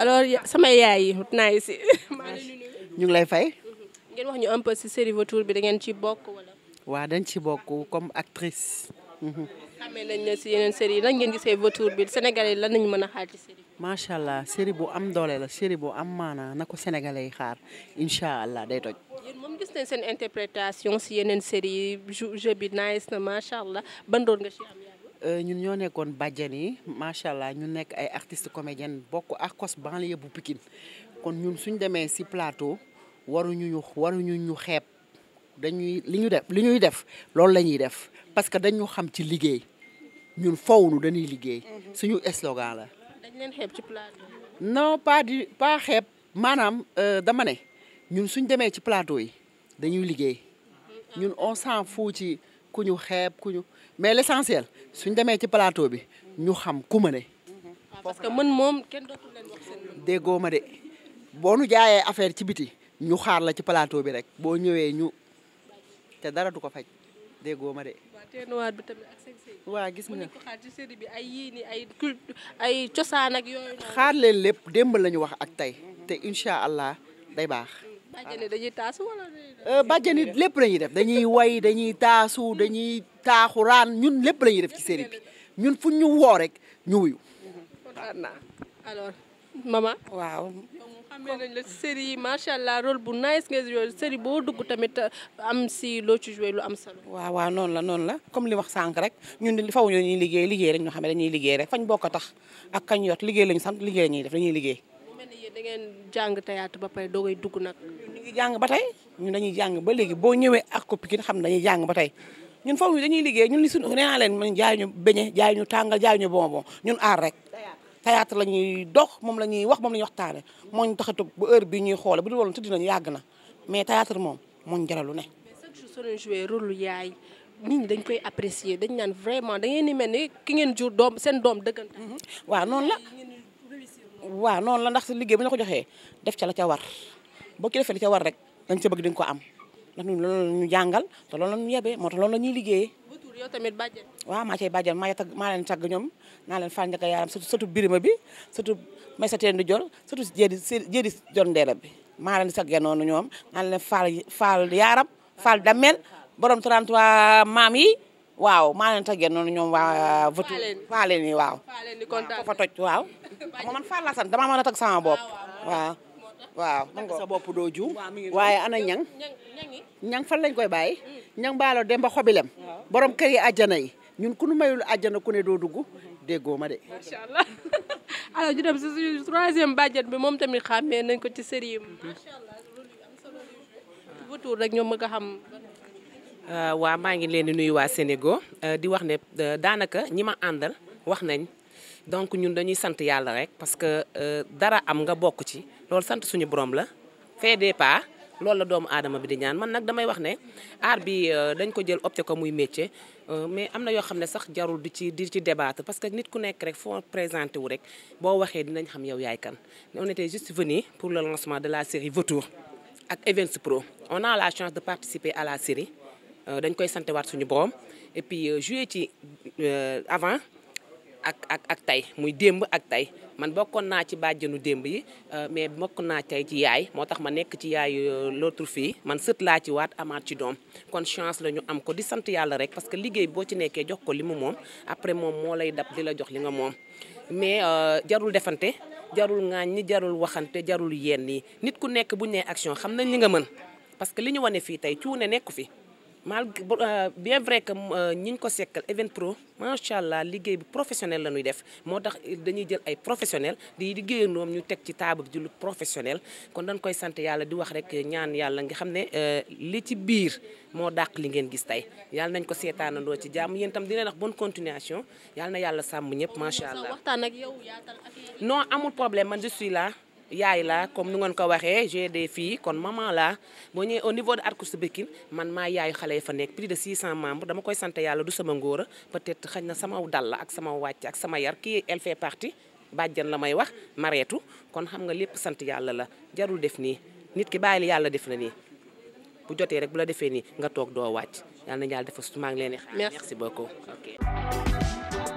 alors sama yaay yi naa ngi si. ñu ngi lay fay. Mhm. ngeen wax ñu un peu si série Vautours bi da ngeen ci bokk wala. waaw dañ ci bokk comme actrice. Mhm. xamee nañ ne si yeneen série yi lan ngeen gisee Vautours bi Sénégalais lan nañu mën a xaar macha allah série bu am doole la série bu am maanaa na ko Sénégalais yi xaar incha allah day toj. seen interprétation si yeneen série yi jeu bi nice na macha allah ban doon Euh, ñun ñoo nekkoon bàjjen yi macha allah ñu nekk ay artistes comédiennes bokk ak cos banlieue bu Pikine kon ñun suñ demee si plateau waruñu ñu waruñu ñu xeeb dañuy li ñu def li ñuy def loolu la ñuy def parce que dañu xam ci liggéey ñun fowuñu dañuy liggéey. Mhm. suñu slogan la. dañ ci plateau. non pas di pas xeeb maanaam euh, dama ne ñun suñ demee ci plateau yi dañuy liggéey mhm. ñun on s'en ci. ku ñu xeeb ku ñu mais l' essentiel suñ demee ci palato bi ñu xam ku ma ne. Ah, parce que mën moom kenn déggoo ma de boo nu jaayee affaire ci biti ñu xaar la ci plateau bi rek boo ñëwee ñu te dara du ko faj déggoo ma de. tamit ak gis nga ko xaar bi ay yii ay ay cosaan ak yooyu. xaar leen lépp démb la ñu wax ak tey te incha allah day baax. bàjjani dañuy taasu wala. Euh, lépp la ñuy def dañuy way dañuy taasu dañuy taaxuraan ñun lépp lañuy def ci série bi ñun fu ñu woo rek ñu wuyu. alors maman. waaw. xamee nañ la série yi macha bu nice nga joué boo dugg tamit euh, am si loo ci joué lu am solo. waaw waaw noonu la noonu la comme li wax sànq rek ñun di faw ñoo ñuy liggéey liggéey rek ñoo xam ne dañuy liggéey rek fañ bokk tax ak kañ yot liggéey lañu sant liggéey la ñuy def dañuy liggéey. da ngeen jàng théâtre ba pare doogay dugg nag. ñu ngi jàng ba tey ñun dañuy jàng ba léegi boo ñëwee ak ko Pikine xam dañuy jàng ba tey ñun foofu dañuy liggéey ñun li suñu nee naa leen man jaay ñu beñe jaay ñu tàngal jaay ñu bonbon ñun aar rek. théâtre la ñuy dox moom la ñuy wax moom la ñuy waxtaane moo ñu tax a toog bii ñuy xoole bu dul woon tëdd nañu yàgg na mais théâtre moom moo ñu jaralu ne. mais chaque jour soo leen joué dañ koy apprécier dañ naan vraiment da ngeen di mel ni ki ngeen jur doom seen doom dëggante. Mhm. waaw noonu la. waaw noonu la ndax si liggéey bi ñu ko joxee def ca la ca war boo ci defee la ca war rek dañ ca bëgg di ko am ndax ñun loolu ñu jàngal te loolu la ñu yebee moo tax loolu la ñuy liggéeyee. yow tamit bàjjen. waaw maa cay bàjjen maa tag maa leen tagg ñoom naa leen fànn njëkk yaaram surtout surtout birima bi surtout may sa teen di jor surtout jéedi jéedi jor ndeela bi maa leen di saggee noonu ñoom naa leen faal faal yaaram faal damel borom 33 maam yi waaw maa leen tàggee noonu ñoom waa vëtu faa leen waaw fa toj waaw man faa laa sant damaa mën a tag sama bopp ah, waaw waaw man sa bopp doo juum waaye ana ñang ñang fan lañ koy bàyyi mm. ñang baalo dem ba xobilem borom kër yi àjjana yi ñun ku nu mayul àjjana ku ne doo dugg déggoo ma de macha allah alors ñu dem si suñu troisième bi moom tamit xàmmee nañ ko ci série yi vautour mm-hmm. rek ñoom ma nga xam Euh, waa maa ngi leen di nuyu waa Sénégal euh, di wax ne euh, daanaka ñi ma àndal wax nañ donc ñun dañuy sant yàlla rek parce que dara am nga bokk ci loolu sant suñu borom la fait des pas loolu la doomu aadama bi di ñaan man nag damay wax ne art bi dañ ko jël opté ko muy métier mais am na yoo xam ne sax jarul di ci di ci débattre parce que nit ku nekk rek foo présenté wu rek boo waxee dinañ xam yow yaay kan on était juste venu pour le lancement de la série Vautour ak Events Pro on a de participer à la série Euh, dañ koy sante waat suñu borom et puis euh, joué ci euh, avant ak ak ak tey muy démb ak tey man bokkoon naa ci bàjjenu démb yi mais bokk naa tey ci yaay moo tax ma nekk ci yaay l'autre fii man sët laa ci waat amaat ci doom kon chance la ñu am ko di sant yàlla rek parce que liggéey boo ci nekkee jox ko li mu moom après moom moo lay dab di la jox li nga moom mais jarul defante jarul ŋaañ ñi jarul waxante jarul yenn yi nit ku nekk buñ nee action xam nañ li nga mën parce que li ñu wane fii tey cuune nekku fi mal euh, bien vrai que euh, ñi ñu ko sekkal event pro macha allah liggéey bi professionnel la ñuy def moo tax dañuy jël ay professionnel di liggéeyandoom ñu teg ci taabal ji lu professionnel kon dañ koy sant yàlla di wax rek ñaan yàlla nga xam ne euh, li ci biir moo dàq li ngeen gis tey yàlla nañ ko seetaanandoo ci jàmm yéen tam di leen wax bonne continuation yàlla na yàlla sàmm ñëpp macha allah. non amul problème man je suis yaay la comme nu ngeen ko waxee j'ai des filles kon maman laa boo ñëwee au niveau de Arcousse Bekine man maa yaayu xale yi fa nekk plus de 600 membre dama koy sant yàlla du sama ngóora peut-être xëy na sama dal ak sama wàcc ak sama yar kii elle fait bàjjan la may wax mareetu kon xam nga lépp sant yàlla la jarul def nii nit ki bàyyil yàlla def na nii bu jotee rek bu la defee nii nga toog doo wàcc yàlla na yàlla defal su maa ngi leen di xaar merci beaucoup ok